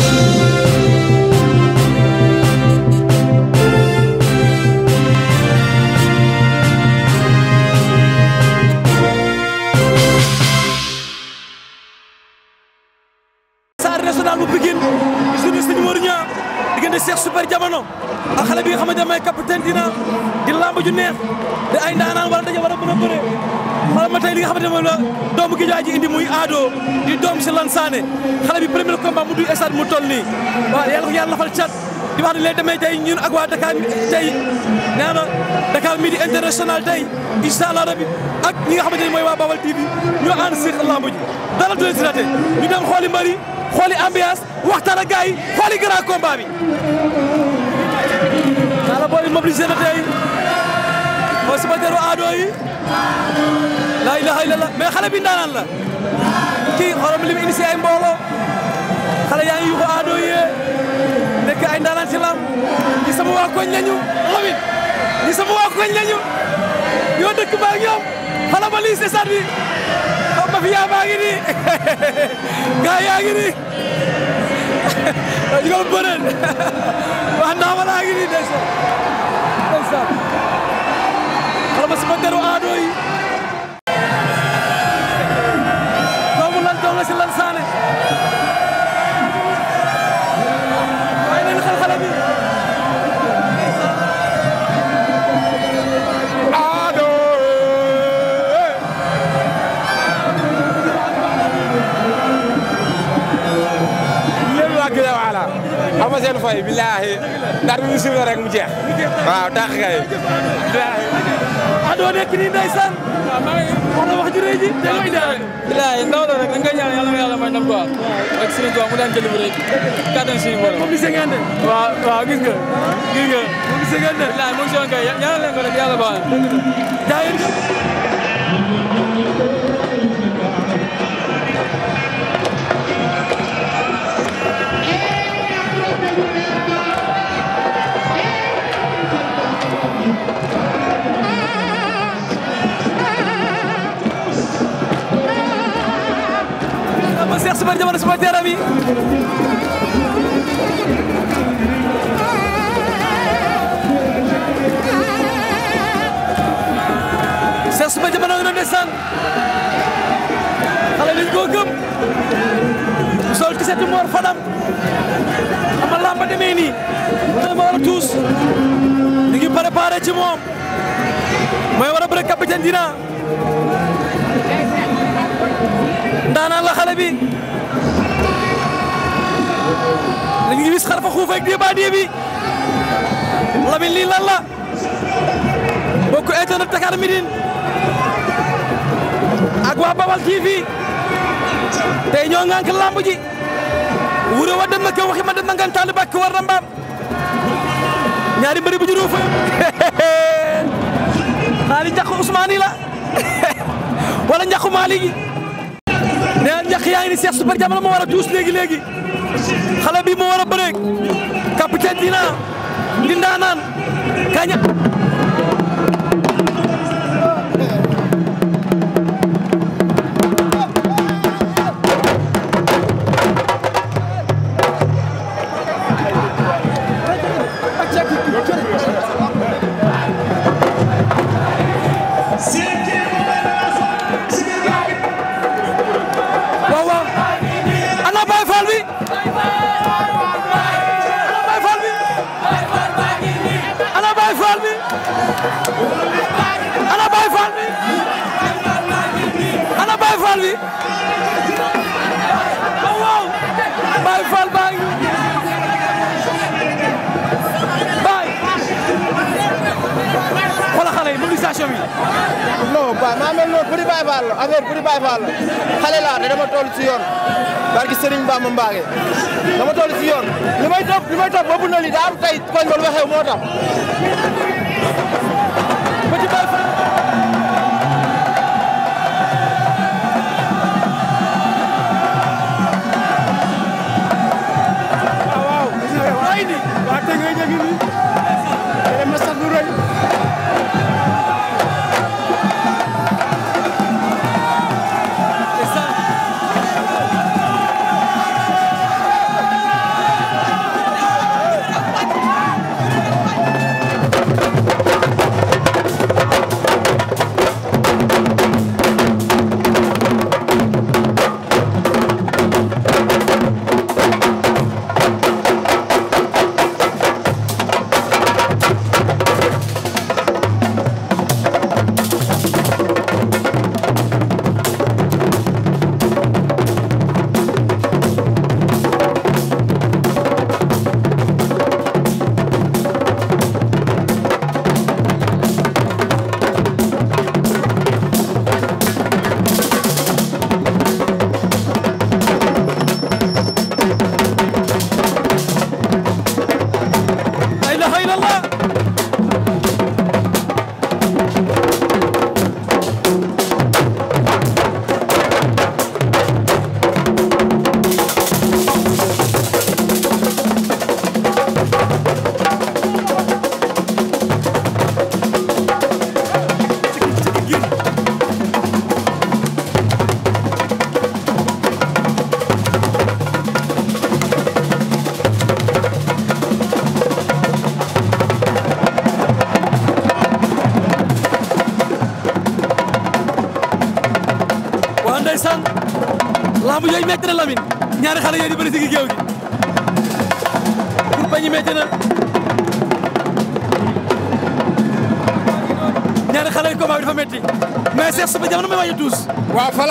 Thank you. xamante ne moom la doomu Guédiawaye ji indi muy Ado di doom si lan Sané xale bi premier combat mu du stade mu toll nii waaw yàlla lafal cat di wax ne leen demee tey ñun ak waa Dakar tey nee tey incha allah ak ñi nga xamante ne mooy waa Baol TV ñoo ànd si lamb ji dara du leen si raté xooli mbëri xooli ambiance waxtaan ak gars xooli grand combat bi. daanaka boo leen mobilisé na teru Ado laa ilaha illallah mais xale bi la kii xolam li mu initié ay mbooloo xale yaa ngi yu ko aado yee nekk ay ndaanaan ci lam ñi sama waa koñ lañu xamit ñi sama yoo dëkk baa ñoom xala ba lii bi xam ma fi yaa baa ngi nii gaa yaa ngi nii ñu mu jeex. waaw tax kay. ah doo nekk nii ndeysaan. waaw wax ju rëy ji te muy daal. bilaay ndaw nga ñaan yàlla yàlla may ndam quoi. ak mu daan jënd bu rëy. kattan suñu borom. moom di cinquante. waaw waaw gis nga. gis nga moom di cinquante. bilaay moom si woon kay leen ko rek yàlla baax na. Cheikh Super Diamano supporter am yi Cheikh Super Diamano ngi xale dañ koo gëm sol ci Fadam ama lamba demee nii dana ma war tuus ñu ngi préparé ci moom mooy war a bëre capitaine dina ndaanaan la xale bi li ngi gis xar fa xuuf ak débat dee bi Lamine lii lan la bokk internet Dakar ñoo ŋànk lamb ji wuro wa na ko waxi ma dem na ngan taali bàkk war ñaari mbëri bu ñu ruufa xaali njaqu Ousmane yi neen ñax yaa ngi ni Cheikh Super Diamano moo war a léegi léegi xale bi moo war a bëreeg capitaine dina di ndaanaan kaña ana Baye Fall bi ana Baye Fall bi ana Baye Fall bi situation bi non ba maa mel noonu pour di a baal la affaire pour di laa te dama toll ci barki Serigne Bamba Mbacké dama toll ci li may topp li may topp boobu na li daa lu waxee moo tax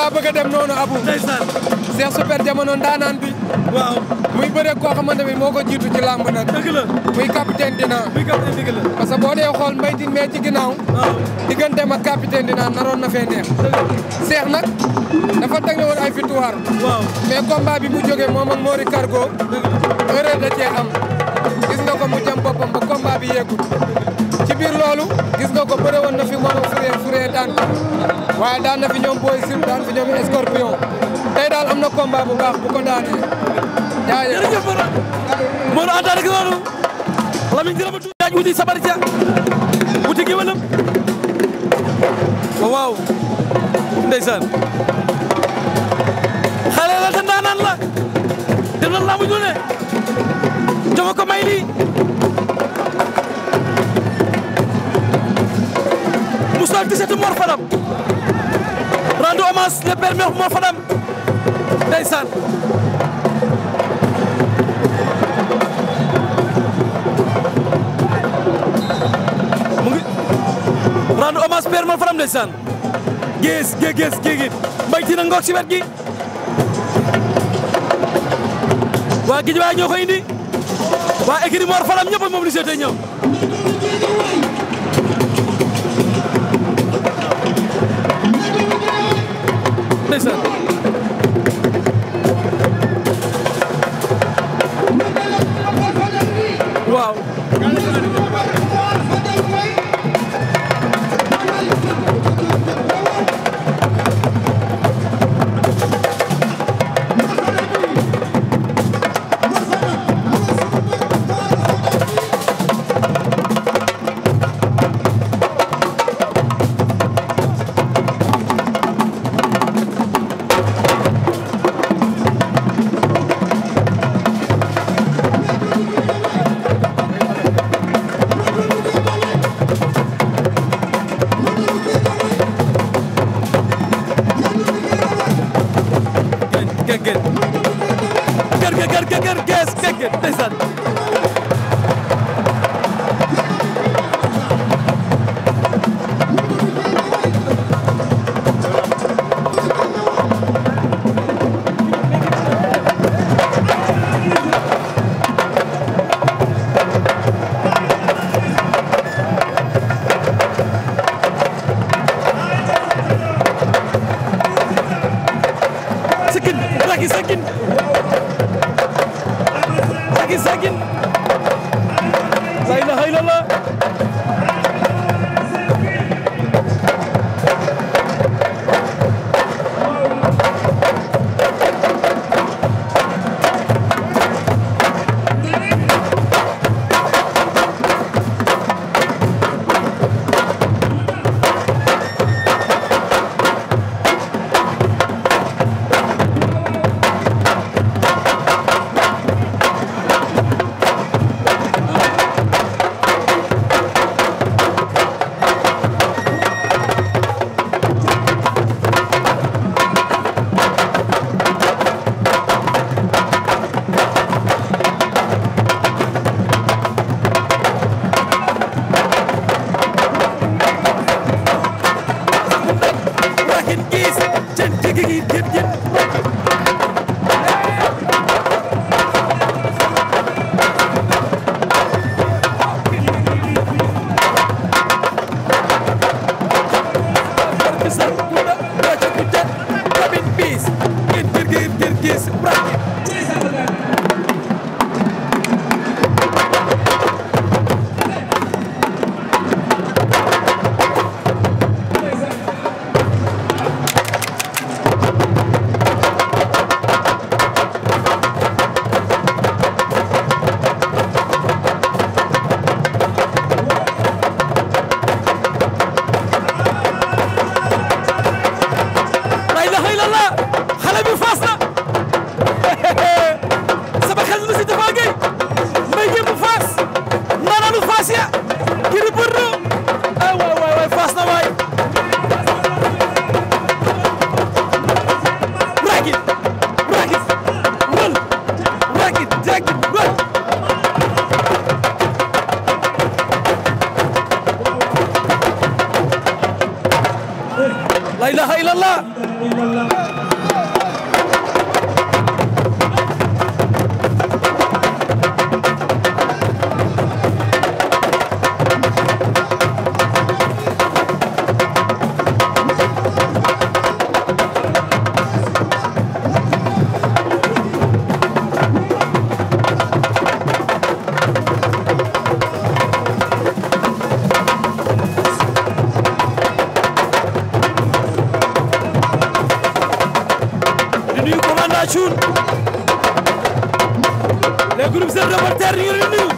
daa dem noonu Abou. ndeysaan. Cheikh Super ndaanaan bi. muy bëre koo xamante ni moo ko jiitu ci làmb nag. muy capitaine dina. parce que boo dee xool mbaytin mee ci ginnaaw. waaw digganteem ak capitaine dina naroon na fee neex. Cheikh nag dafa teg woon ay victoire. waaw mais combat bi mu jógee moom ak Mori Cargo. dëgg la erreur ko mu jëm boppam. combat bi yeggul ci biir loolu gis nga ko bëre na fi Moro Furé Furé daan ko waaye daan na fi ñoom Boy Sim daan fi ñoom Scorpion tey daal am na combat bu baax bu ko daanee jaajëf jërëjëf Moro Anta loolu Lamine dina ma tuuti daaj sabar ja wuti géwëlam oh, waaw ndeysaan xale la te ndaanaan la def na laamu ñu ko may lii 77 Mor Fadam rendu hommage le père Mor Fadam ndeysaan mu ngi rendu ci wet gi waa Guédiawaye ñoo ko indi waa écurie Mor Fadam ñëpp mobilisé tey ndeysaan zigzagging. groupe seen reporter ñu ngi leen di nuyu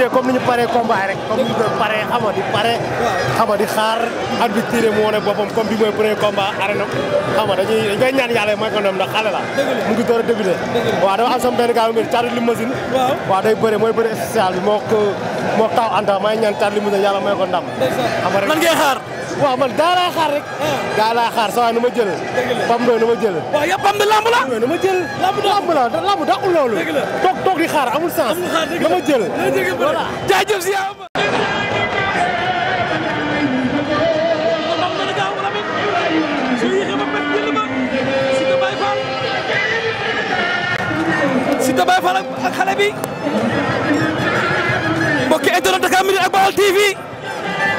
dundee comme ni ñu paree combat rek comme ni ñu doon paree xam nga di pare xam nga di xaar arbitre mu wane boppam comme bi mooy premier combat arena xam nga dañuy dañ koy ñaan yàlla mooy ko ndam ndax xale la mu ngi door a débuté waaw dama am sama benn gars bi caatu li machine waaw day bëre mooy bëre spécial bi moo ko moo taw anta may ñaan caatu li machine yàlla mooy ko ndam xam nga rek man ngay xaar waaw man daa laa xaar nu ma jël. dëgg nu ma jël. waaw yow nu ma jël lamb la lamb daqul xaar amul sens. nu ma jël. voilà jaajëf si yow. Siteu Baye Fall ak xale ak Baol TV.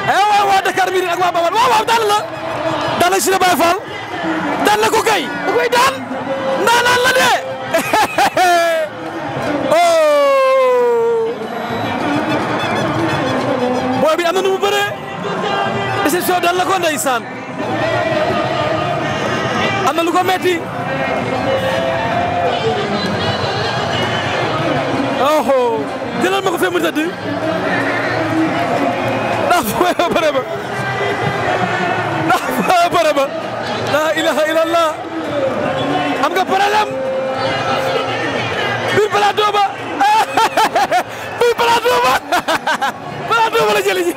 eh waaw waa Dakar Midi ak waa Baol waaw waaw daan la la Siré Baye Fall ko kay da koy daan ndaanaan la de oh booy bi am na nu mu bëree ko ndeysaan am na lu ko metti oh, oh. ko fee mu tëdd ndax fooyee bëre ba ndax fooyee bëre ba laa ilaha illallah am nga problème biir plateau ba biir plateau ba plateau ba la jëli ji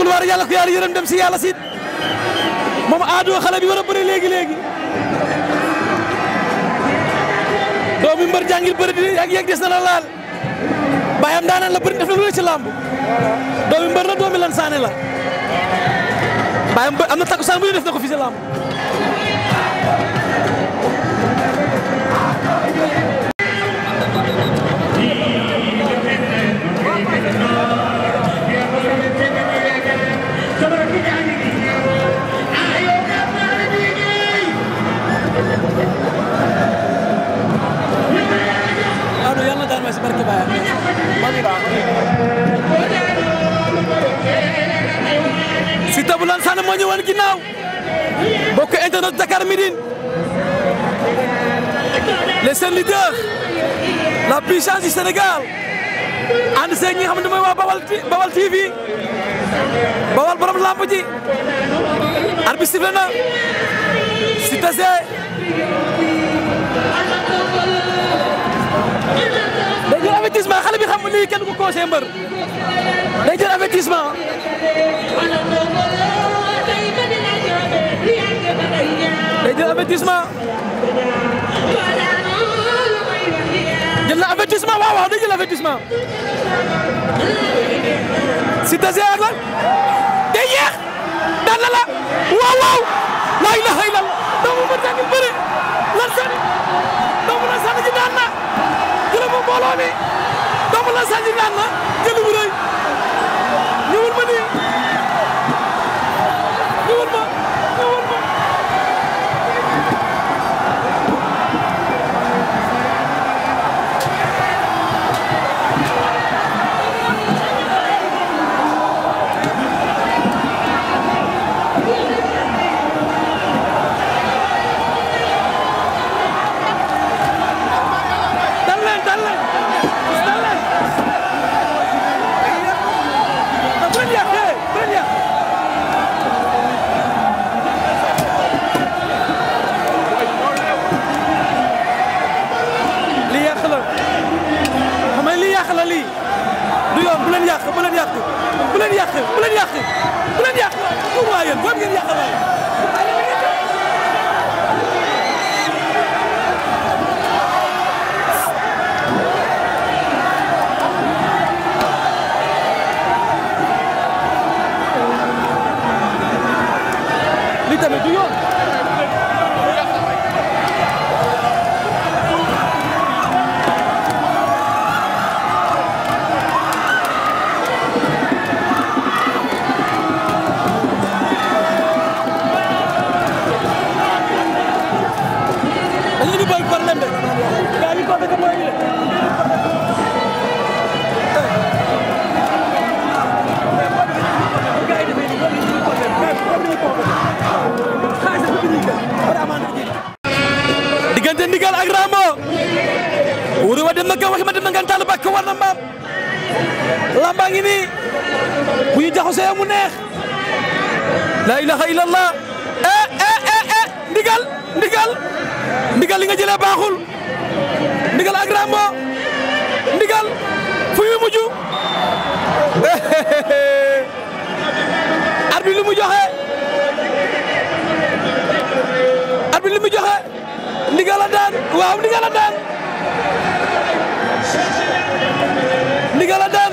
couloir yàlla ko yàlla yërëm dem si yàlla si léegi léegi. doomi mbër jàngil la laal bàyyam daanaan la bëri def na lu ci làmb doomi mbër la doomi lan saane la bàyyam am na takku saan bu def na ko fi si làmb. Siteu bu lan sànn moo ñëwoon ginnaaw mbokk internet Dakar Midi les seen leader la puissance du Sénégal ànd see ñi xam ne mooy waa Bawal Bawal TV Bawal borom lamb ji arbitre sifflé na Siteu see bi xam lii kenn ko conseillé mbër day jël avertissement day jël avertissement jël na avertissement waaw waaw day jël avertissement si désert la day yeex daan na la waaw waaw laa ilaha illallah doomu mbër sànni bëre lan sànni doomu na sànni ji daan na jëlamo mbooloo mi doomu la Sadio daan na jël bu lamba ngi nii bu ñu jaxasoo mu neex la ilaha illallah eh, eh eh eh ndigal ndigal ndigal li nga jëlee baaxul ndigal ak Rambo ndigal fu muy mujj arbitre li mu joxe li mu joxe la daan waaw ndigal la daan li nga la daan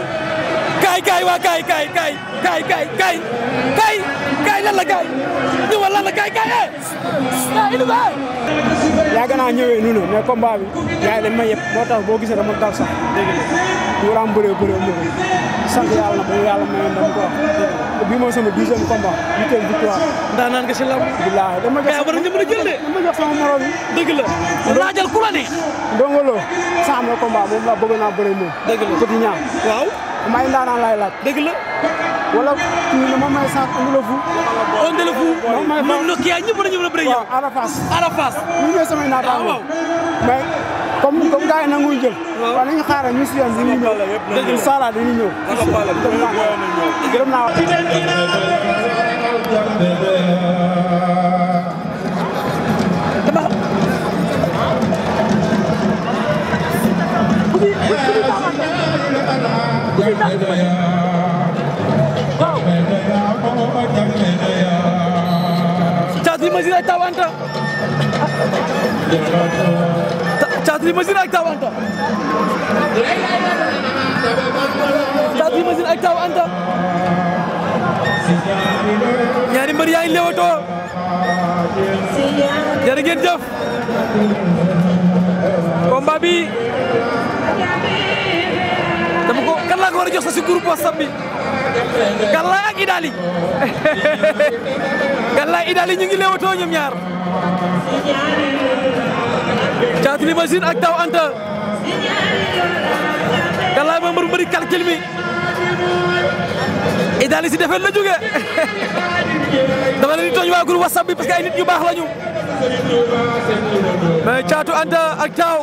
kaay kaay waa kaay kaay kaay kaay kaay kaay kaay kaay lan la kaay ñëwal lan la kaay le eh. yëpp moo tax boo gisee dama daw sax dégg nga ñu war a am bëree bëree mu ngi sant yàlla na ba yàlla mayoon ko bii mooy sama dixième combat huitième a jël de. dama jox sama yi. dëgg la laajal ku la ne. Ndongo Lo saa am na combat moom laa bëgg naa bëree moom. dëgg la Petit Niang. waaw. may ndaanaan laay laaj. dëgg la. wala kii moom mooy sànq Ondela Fou. Ondela oh, Fou moom mooy moom Nokia ñëpp dañu mën a bëri yow. waaw Arafas Arafas. ñu ñëwee samay naataangoo ah, mais comme comme gars yi nanguñu jël. waaw nañu xaaral ñu si yoon bi ñuy ñëw. dëgg la Salah dañuy ñëw. gërëm naa gërëm Caatiri machine ak Taw Anta Caatiri machine ak Taw Anta ñaari mbër yaa ngi leewatoo jërë ngeen jëf combat bi dama ko ko war a jox sa si groupe WhatsApp bi kan laa ak Idaly Galaye Idali ñu ngi leewatoo ñoom ñaar Caatu Limousine ak Daw Anta Galaye mooy mbëru mbëri calcul mi Idali si defet la jóge dama leen di tooñ waa groupe WhatsApp bi ñu baax lañu mais Caatu Anta ak Daw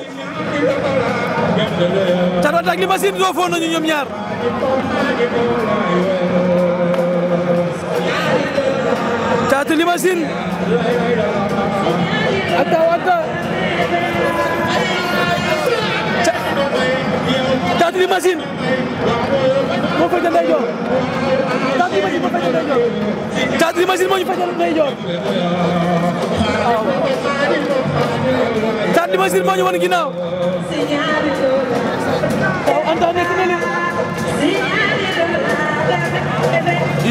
Caatu Anta ak Limousine doofoo nañu ñoom ñaar Caatu Limasin anta anta Caatu Limasin moo fajal day joor Caatu Limasin moo fajal day Caatu Limasin moo ñu fajal day Caatu Limasin moo ñu wan ginnaaw waaw anta nekk na li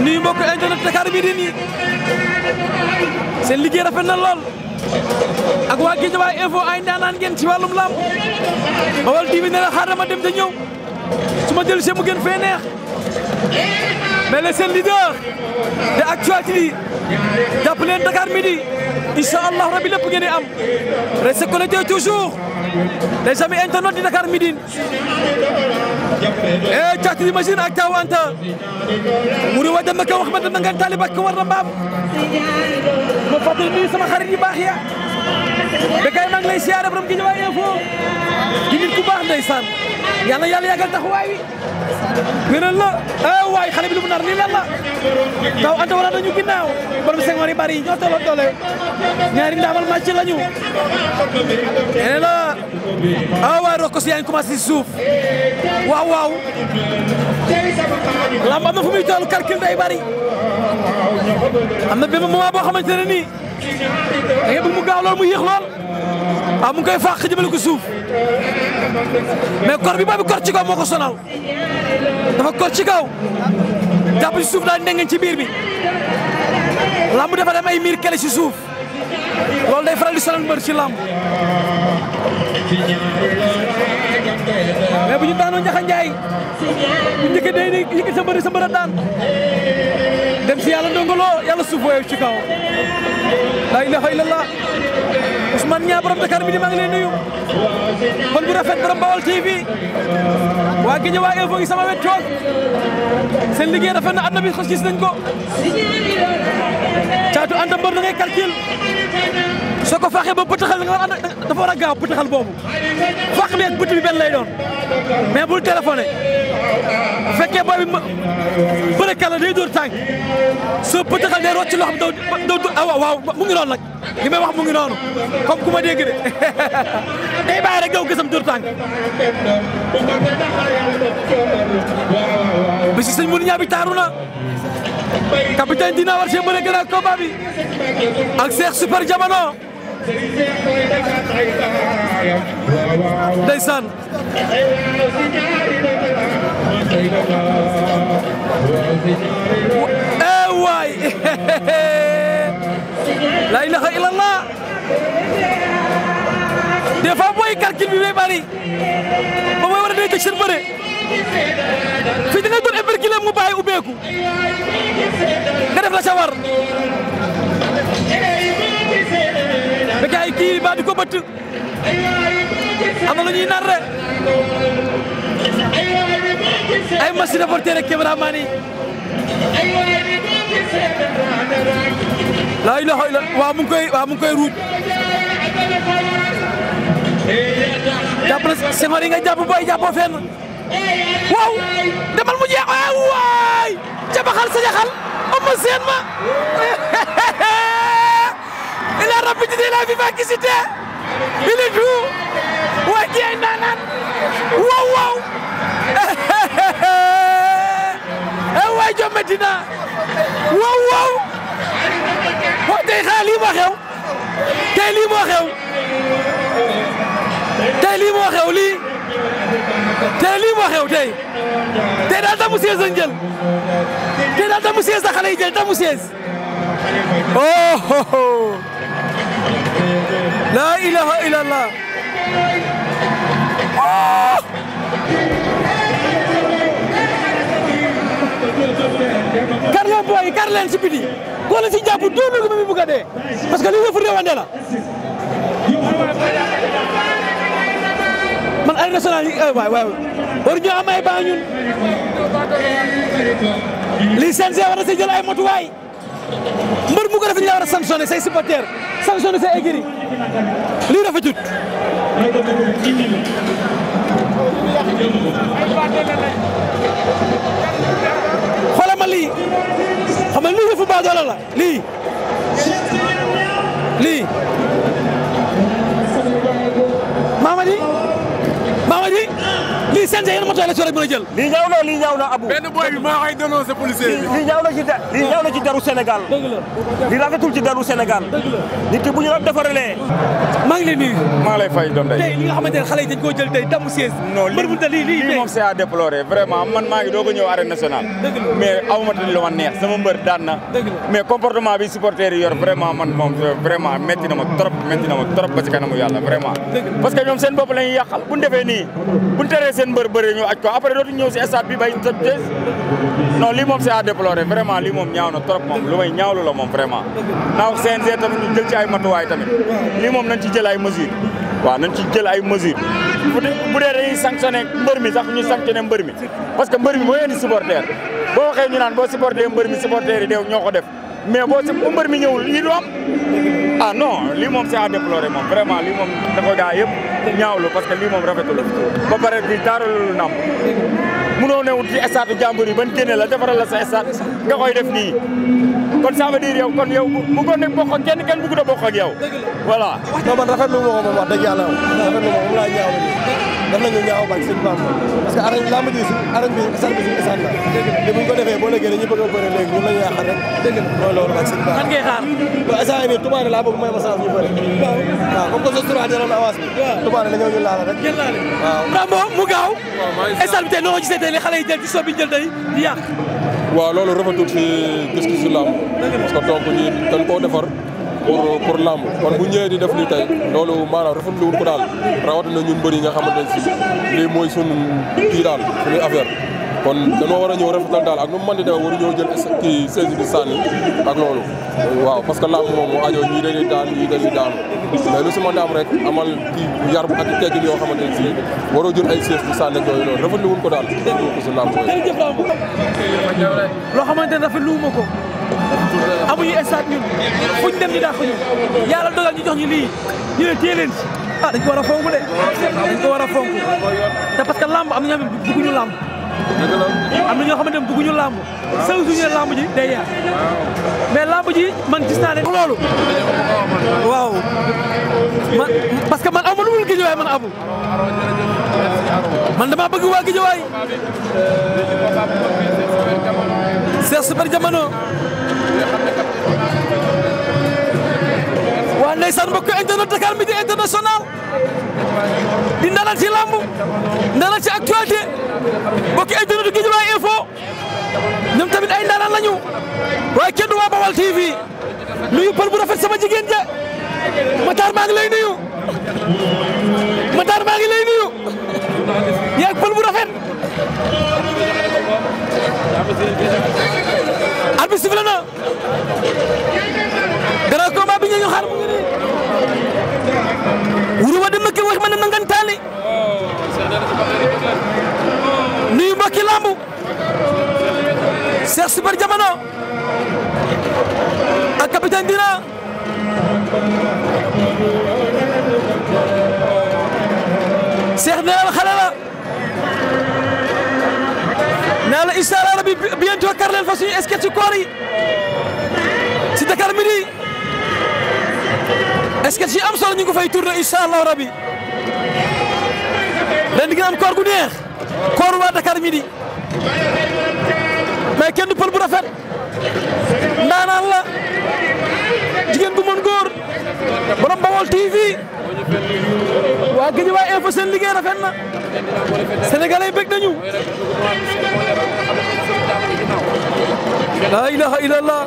nuyu mbokk internet Dakar bi di nii seen liggéey rafet na lool ak waa Guédiawaye info ay ndaanaan ngeen ci wàllum lamb Baol TV ne la xaaral ma dem te ñëw su ma dellu see mu gën fee neex mais le seen leader de actualité jàpp leen Dakar midi incha allah rabi lépp ngeen di am restez connectés toujours les amis internautes di Dakar midi. e eh, cakri machine ak tawanta muri wa dama ka wax ma dama ngan talib ak war ma fàttali nuyu sama xarit yu baax ya bekay maa ngi lay siyaare borom gi ñëwaay info gi nit ku baax ndeysaan yal na yàlla yàggal taxawaay wi wéral la ah eh, waay xale lu mu nar lii lan taw anta wala dañu ginnaaw borom sengoor yi bari ñoo tolloo doole ñaari ndaamal màcc lañu nee la ah waay rokkos yaa ngi commencé si suuf waaw waaw lamb am na fu muy toll calcul day bari am na benn moment boo xamante ne nii da nga mu gaaw lool mu yéex lool ah mu ngi koy fàq jëmale ko suuf mais kor bi ba bi kor ci moo ko dafa kor ci kaw jàpp ci suuf daal ndengeñ ci biir mi lamb dafa dem ay miir kele ci suuf loolu day faral di sonal mbër ci lamb mais bu ñu daanoo Njaxa Njaay bu njëkk day day yëkkati sa mbër sa mbër dem si yàlla ndongolo yàlla suuf woyof ci kaw la ilaha illallah Ousmane Niang borom Dakar bi di maa ngi lay nuyu xol bu rafet borom Bawal TV waa Guèye waa Evo ngi sama wet toog seen liggéey rafet na àdduna bi xos gis nañ ko caatu ànd mbër da ngay calcul soo ko faaxee ba pëtaxal nga war a dafa war a gaaw pëtaxal boobu faax bi ak bët bi benn lay doon. mais bul téléphoné bu fekkee booy bi ma bëre kàlla day dóor tànk soo pëtëxal day rocc loo xam daw ah, waaw mu ngi noonu nag li wax mu ngi noonu comme ku ma dégg de day bàyyi rek daw gësam dóor tànk bi si sëñ taaru na capitaine dina war see a ak Cheikh Super Jamono ndeysaan ee eh, waay la ilaha illallah des fois booy calcul bi day bari ba mooy war a day teg seen bëre fii da ngay doon éperculé mu bàyyi ubbeeku nga def la kii ba di ko bëtt am na ñuy nar ay machine reporter ak cameraman yi laa ilaha illa waaw mu ngi koy waaw mu sengoor yi nga jàpp booy jàppoo waaw demal mu jeex waay ca baxal sa seen ma rabbi jidila fi fakisite ilitu wajie nanan wow wow ewaay eh, eh, eh. jom Medina wow wow wa tey xaa lii moo xew tey lii moo xew tey lii moo xew lii tey lii moo xew tey tey daal tamu sees lañ jël tey daal tamu sees la xale yi jël tamu sees oh oh, oh. laa ilaaha illallah ah! kar leen booy kar leen si biti koo la si jàpp doonu lu mu bugg a dee parce que li yëfu réewande la man ay national yi waay waay war ñu am ay baa ñun li CNG war na si jël ay motuwaay mbër mu ko def ñu la war a sanctionné say supporters sanctionné sa écurie lii rafetut xoolal ma lii xam nga lii yëfu baadoola la lii lii lii CNG yéen moto élection rek mën a jël lii ñaaw na lii ñaaw na Abou benn boy bi maa koy dénoncé policier bi lii ñaaw na ci lii ñaaw na ci daru Sénégal dëgg la lii rafetul ci daru Sénégal dëgg la nit ki bu ñu la defaralee maa ngi lay nuyu maa lay fay doon tey li nga xamante ne xale yi dañ koo jël tey damu siège non lii lii moom c'est à déplorer vraiment man maa ngi doog a ñëw arène nationale mais awma tan lu ma neex sama mbër daan na mais comportement bi supporters yi yor vraiment man moom vraiment métti na ma trop métti na ma trop ba ci kanamu yàlla vraiment parce que ñoom seen bopp la ñuy yàqal buñ defee nii buñ teree seen mbër bëri ñu aj ko après dootuñ ñëw si stade bi bay tëj tëj non lii moom c'est à vraiment lii moom ñaaw na trop moom lu may ñaawlu la moom vraiment naa wax CNG tamit ñu jël ci ay matuwaay tamit lii moom nañ ci jël ay mesures waaw nañ ci jël ay mesures bu dee dañuy sanctionné mbër mi sax ñu sanctionné mbër mi parce que mbër mi mooy indi supporter boo waxee ñu naan boo supporter mbër mi supporter yi deew ñoo ko def mais boo si mbër mi ñëwul lii du am ah non lii moom vraiment lii moom da ko ñaawlu parce que lii moom rafetul ba pare bi taaralul nam munoo newut ci stade jàmbur yi ban génne la defaral sa stade nga koy def nii kon ça veut dire kon yow bu ko ne bokk kenn kenn bëggu da bokk ak yow voilà non man rafetlu ma ko moom wax dëgg ko defee boo léegi dañuy bëgg a ba isaan yi Touba dañoo ñu laal rek. ngeen mu gaaw. waaw maa ngi instant noo gisee tey li xale yi jël ci soo bi jël tey di yàq. waaw loolu rafetul ci gis-gisu làmb. parce que dañ koo defar. pour pour kon bu ñëwee di def lii tey loolu maanaam rafetlu wuñ ko daal na ñun mbër yi nga xamante ne si lii mooy sunu kii daal suñuy affaire. kon dañoo war a ñëw rafetal daal ak nu mu mën di demee waru ñoo jël kii saisi bi sànni ak loolu waaw parce que làmb moom moo ajoo ñii dañuy daan ñii dañuy daanu mais a am rek amal kii yar bu ak teggin yoo xamante ne si waroo jël daal loo xamante ne rafetlu wu ma ko amuñu stade ñun fuñ dem ñu dàq ñu yàlla dogal ñu jox ñu lii ñu ne téye ah dañ ko war a fonk de dañ ko war a fonk te parce que làmb am na ñoo xam dëgg la am na ñoo xamante ne bëgguñu làmb. waaw suñu làmb ji day yàq. mais làmb ji man gis naa ne loolu. waaw man parce que man aw ma lu dul Guédiawaye man abu man dama bëgg waa Guédiawaye. c'est super waaw ndeysaan mbokk internet Dakar Midi international di ndalal ci làmb ndalal ci actualité mbokk internet Guédiawaye info ñoom tamit ay ndalal lañu waaye kenn du waa Bawal TV nuyu pël bu rafet sama jigéen ja Matar maa ngi lay nuyu Matar maa ngi lay nuyu yaa ak pël bu rafet arbitre sifflé na diggante na Cheikh nee na xale la nee allah rabi bientôt kar leen fa suñu sketch koor yi si Dakar midi sketch yi am solo ñu ngi ko fay tourné incha allah rabi ren koor gu neex koor waa Dakar midi mais kenn du pël bu rafet ndaanaan la. borom Bawol TV waa Guédiawaye info liggéey rafet na sénégalais yi nañu la ilaha illallah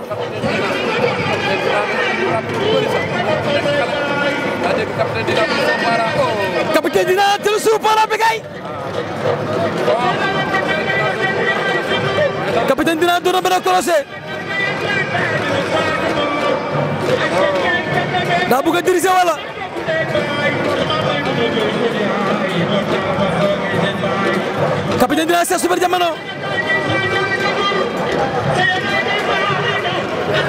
capitaine dina jël para bi kay capitaine dina doon benn daa bëgg a diriger wala. capitaine dina Cheikh Super Diamono.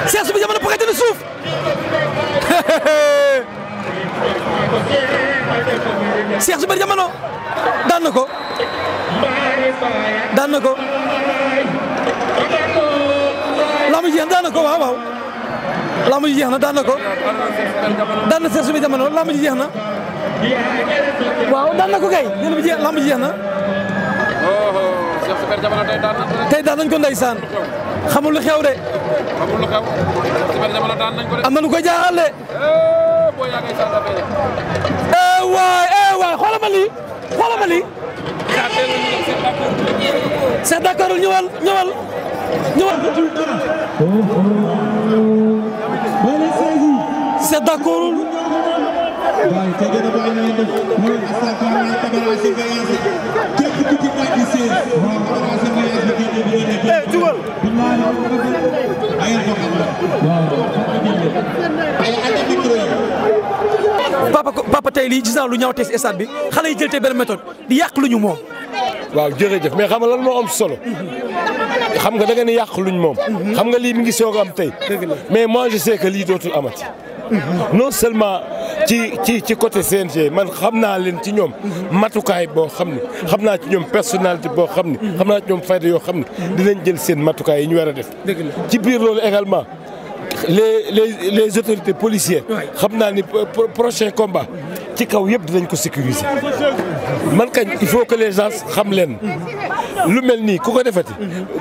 Cheikh Super Diamono suuf. Cheikh Super daan na ko. daan na ko. Lamou Dieng daan na ko waaw lamb ji jeex na daan na ko daan na seesu bi jamono lamb ji jeex waaw daan ko kay daan na jeex lamb ji jeex na. tey daan nañ ko ndeysaan xamul lu xew lu xew ko de. am na lu ko jaaxal de. eh waay eh waay xoolal ma lii xoolal ma Cissé d'accordul eh, papa papa tey lii gis naa lu ñaaw tey si stade bi xale yi jël te benn méthode di yàq lu ñu moom waaw jërëjëf mais xam nga lan moo am solo xam nga da nga ne yàq luñ moom xam nga lii mi ngi soog am tey mais moi je sais que lii dootul amati non seulement ci ci ci côté CNG man xam naa leen ci ñoom matukaay boo xam ne xam naa ci ñoom personnalité boo xam ne xam naa ci ñoom fayda yoo xam ne dinañ jël seen matukaay yi ñu war a def ci biir loolu également les les les autorités policières xam naa ni prochain combat ci kaw yëpp dinañ ko sécuriser man kañ il faut que les gens xam leen lu mel nii ku ko defati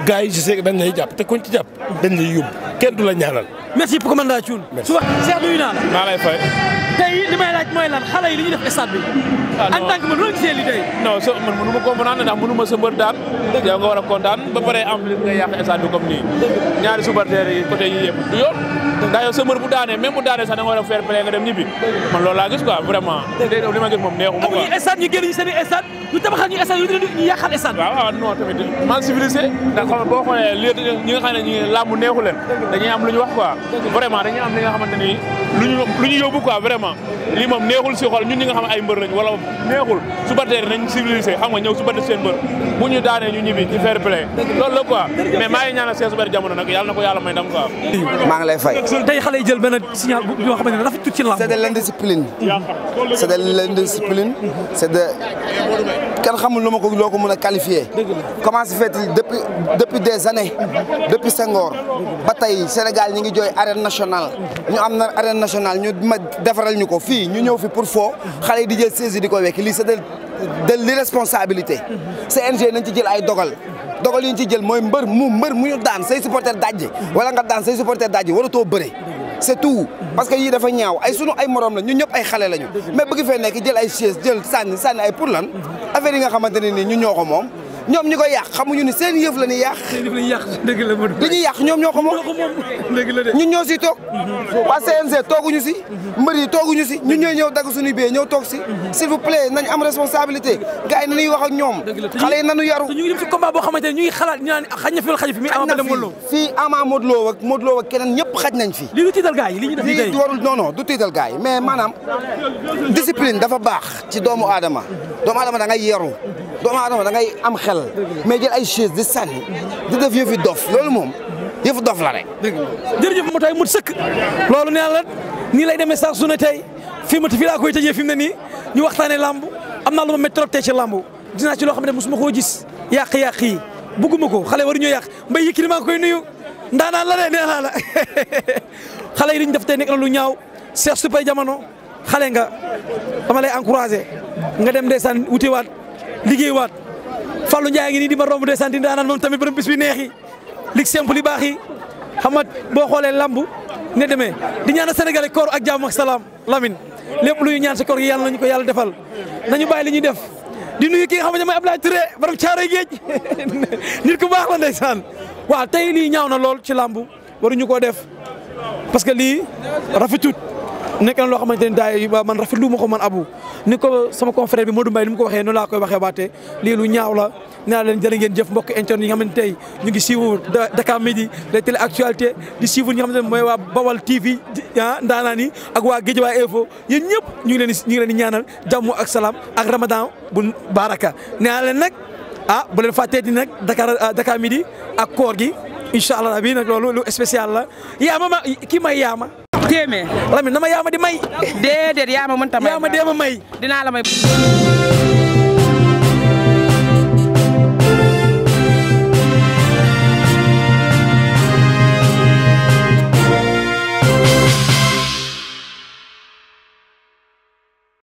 gars yi je sais dañ lay jàpp te kuñ ci jàpp dañ lay yóbbu kenn du la ñaanal. merci pour commandant Thioune. merci suba Cheikh nuyu naa la. maa lay fay. tey li may laaj mooy lan xale yi li ñuy def stade bi. Ah, en tant que man loolu gisee li tey. non ma comprendre ma sa mbër daan. dëgg yow nga war a kontaan ba pare am li yi côté yi yëpp du yoon. ndax yow sa mbër bu daanee même bu daanee sax da nga war a fair play nga dem ñibbi. man loolu laa gis quoi vraiment. ma gis seen i stade ñu tabaxal ñu stade yu ñu wax quoi ni lu ñu lu si xol ñun ñi nga xam ne la quoi mais maa ngi ñaanal seen super kenn xamul lu ma ko loo ko mën a qualifié. comment se fait depuis depuis année années. depuis Senghor. ba tey Sénégal ñi ngi jooy arène nationale. ñu am na arène nationale ñu ma defaral ñu ko fii ñu ñëw fi pour foo. xale yi di jël saisi di ko wekk lii c'est de de l'irresponsabilité. CNG nañ ci jël ay dogal. dogal yi ñu ci jël mooy mbër mu mbër mu ñu daan say supporter dajji. wala nga daan say supporter dajji waratoo bëre. c'est tout parce que yii dafa ñaaw ay sunu ay morom la ñun ñëpp ay xale lañu mais bëgg fee nekk jël ay chaise jël sànni sànni ay pour lan affaire yi nga xamante ne nii ñu ñoo ko moom ñoom ñi koy yàq xamuñu ni seen yëf la ñuy yàq. seen yëf la yàq li ñuy yàq ñoom ñoo ko moom. dëgg la de ñun ñoo siy toog. Mhm. waa tooguñu si. mbër yi tooguñu si ñu ñooy ñëw dagg suñuy bee ñëw toog si. Mhm. s'il nañ am responsabilité gars yi wax ak ñoom. xale yi nañu yaru. te ñu si combat boo xamante ne ñu ngi xalaat ñu naan xaj na fi wala xaj fi. Lo ak Modou Lo keneen ñëpp xaj nañ fi. lii du tiital gars yi li ñu def nii tey lii warul non non du tiital gars yi mais maanaam discipline dafa baax ci doomu aadama mhm. doomu aadama da ngay yaru doomu adama da ngay am xel mais jël ay chaise di sànni di def yëfi dof loolu moom yëfu dof la rek jërëjëf mu tay mut sëkk loolu nee la nii lay demee saa su ne tey fii ma fii koy tëjee fi mu ne nii ñu waxtaanee lamb am naa lu ma métti trop tey ci lamb dinaa ci loo xam ne mosuma koo gis yàq-yàq yi bugguma ko xale waruñoo yàq mbay Yékini maa ngi koy nuyu ndaanaan la de nee naa la xale yi li def tey nekk na lu ñaaw Cheikh Super jamono xale nga dama lay encouragé nga dem ndeysaan wutiwaat liggéeywaat Fallou Ndiaye ngi nii di ma romb des centimes daanaan moom tamit borom bis bi neexi lig simple yi baax yi xam nga boo xoolee lamb ne demee di ñaanal sénégalais koor ak jàmm ak salaam Lamine lépp lu ñu ñaan si koor gi yàlla ñu ko yàlla defal nañu bàyyi li ñuy def di nuyu ki nga xam ne mooy Abdoulaye Touré borom caaroy géej nit ku baax la ndeysaan waaw tey lii ñaaw na lool ci lamb waruñu koo def parce que lii rafetut nekk na loo xamante ne daay man rafetlu ma ko man abu ni ko sama confrère bi Modou Mbaye ni mu ko waxee noonu laa koy waxee waatee lii lu ñaaw la naa leen jërë ngeen jëf mbokk internet yi nga xamante tey ñu ngi suivre Dakar Midi les télé actualité di suivre ñi nga xamante mooy waa Bawal TV ah ndaanaan yi ak waa Guédiawaye Info yéen ñëpp ñu ngi leen ñu ngi leen di ñaanal jàmm ak salaam ak ramadan bu baraka naa leen nag ah bu leen fàttee di nag Dakar ah, Dakar Midi ak koor gi incha allah bii nag loolu lu spécial la yaama ma kii may yaama. téeméer Lamine na ma yaama di may. déedéet yaama mënta may yaama dee ma may. dinaa la may.